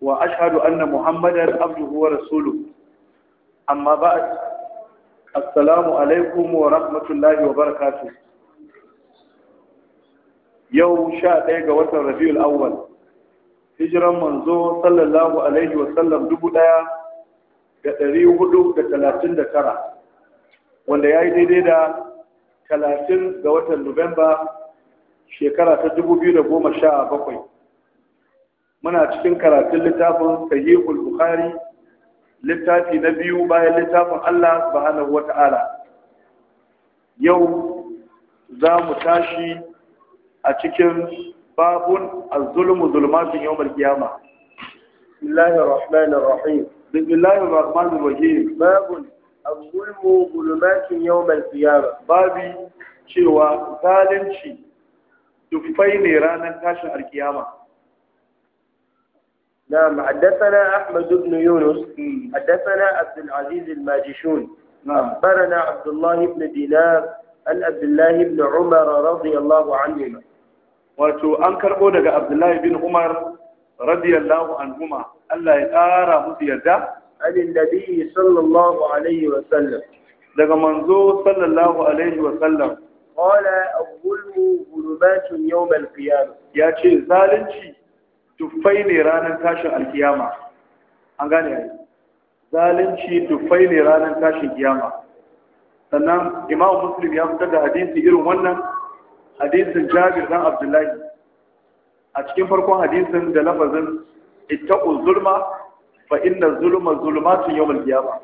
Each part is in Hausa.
wa ashadu an na muhammadar abubuwa wa rasulu amma ba a asalamu alaikum wa rahmatullahi wa barakatu yau sha ɗaya ga watan rabiul awal hijiran manzo sallallahu alaihi wasallam dubu ɗaya da ɗari hudu da talatin da tara wanda ya yi daidai da talatin ga watan Nuwamba shekara ta dubu biyu da goma sha bakwai muna cikin karatun littafin sahihul bukhari littafi na biyu bayan littafin Allah subhanahu wata'ala yau za mu tashi a cikin babun az-zulmu zulmatun yawmal qiyama bismillahir rahmanir rahim bismillahir rahmanir rahim babun az-zulmu zulmatun yawmal qiyama babi cewa zalunci dufai ne ranar tashin alkiyama نعم حدثنا أحمد بن يونس حدثنا عبد العزيز الماجشون أخبرنا عبد الله بن دينار عن عبد الله بن عمر رضي الله عنهما wato an karɓo daga abdullahi bin umar radiyallahu anhuma Allah ya ƙara musu yarda anin nabiyyi sallallahu alaihi wa sallam daga manzo sallallahu alaihi wa sallam qala az-zulmu zulumatun yawm al-qiyamah zalunci tufai ne ranar tashin alkiyama an gane yi zalunci tufai ne ranar tashin kiyama sannan imam muslim ya fitar da hadisi irin wannan hadisin jabir dan abdullahi a cikin farkon hadisin da lafazin ittaqu zulma fa inna zulma zulmatun yawmal qiyama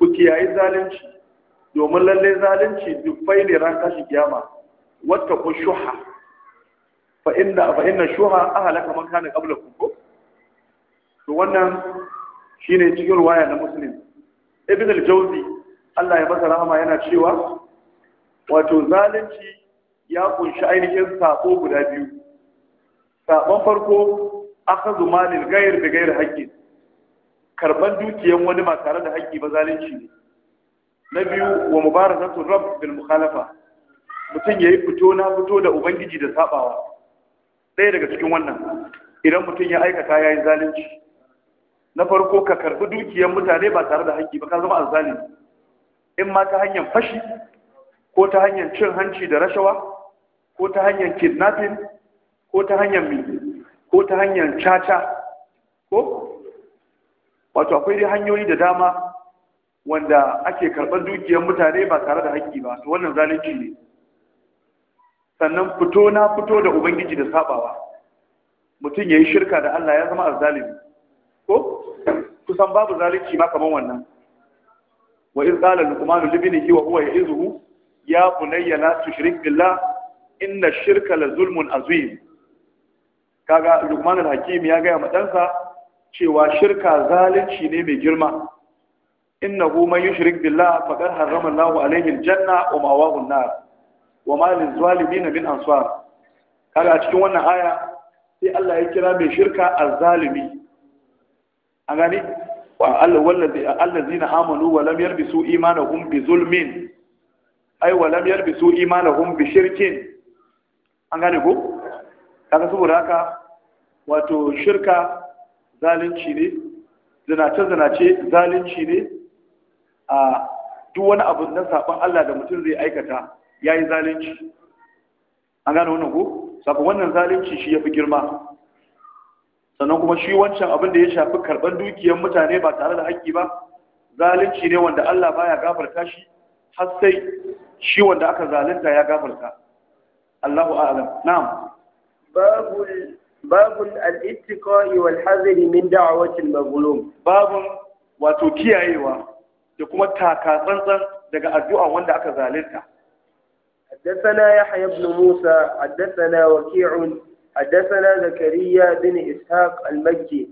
ku kiyayi zalunci domin lalle zalunci dufai ne ran tashin kiyama wata ku shuha fa inna fa a shuha ahlaka man kana ko to wannan shine cikin waya na musulun. ibn al-jawzi Allah ya masa rahama yana cewa wato zalunci ya kunshi ainihin sako guda biyu sakon farko aka zumanin gayar da gayar haƙƙi. karban dukiyan wani ba tare da haƙƙi ba zalunci ne na biyu wa mubarazatu rabb bil mukhalafa mutum ya yi fito na fito da ubangiji da sabawa ɗaya daga cikin wannan idan mutum ya aikata ya yi zalunci na farko ka karɓi dukiyar mutane ba tare da haƙƙi ba ka zama azzalimi in ma ta hanyar fashi ko ta hanyar cin hanci da rashawa ko ta hanyar kidnapping ko ta hanyar mi ko ta hanyar caca ko wato akwai dai hanyoyi da dama wanda ake karɓar dukiyar mutane ba tare da haƙƙi ba to wannan zalunci ne sannan fito na fito da ubangiji da sabawa mutum ya yi shirka da Allah ya zama azzalimi ko kusan babu zalunci ma kamar wannan wa iz qala luqman li ibnihi wa huwa ya'izuhu ya bunayya la tushrik billah inna shirka la zulmun azim kaga luqman al-hakim ya gaya ma cewa shirka zalunci ne mai girma innahu man yushrik billah faqad harrama Allahu alayhi al-janna wa ma'wahu wa lil zalimin min ansar kaga a cikin wannan aya sai Allah ya kira mai shirka zalimi. an gani wa Allah wallazi allazina amanu wa lam yarbisu imanahum bi zulmin ai wa lam yarbisu imanahum bi shirkin an gane ko kaga saboda haka wato shirka zalunci ne zinace zinace zalunci ne a duk wani abu na saban Allah da mutum zai aikata ya yi zalunci an gane wannan ku. saka wannan zalunci shi ya fi girma sannan kuma shi wancan abin da ya shafi karɓar dukiyar mutane ba tare da haƙƙi ba zalunci ne wanda Allah baya gafarta shi har sai shi wanda aka zalunta ya gafarta Allahu a'lam na'am babul babul al-ittiqa'i wal hazri min da'wati al-mazlum babun wato kiyayewa da kuma taka daga addu'a wanda aka zalunta حدثنا يحيى بن موسى حدثنا وكيع حدثنا زكريا بن إسحاق المجدي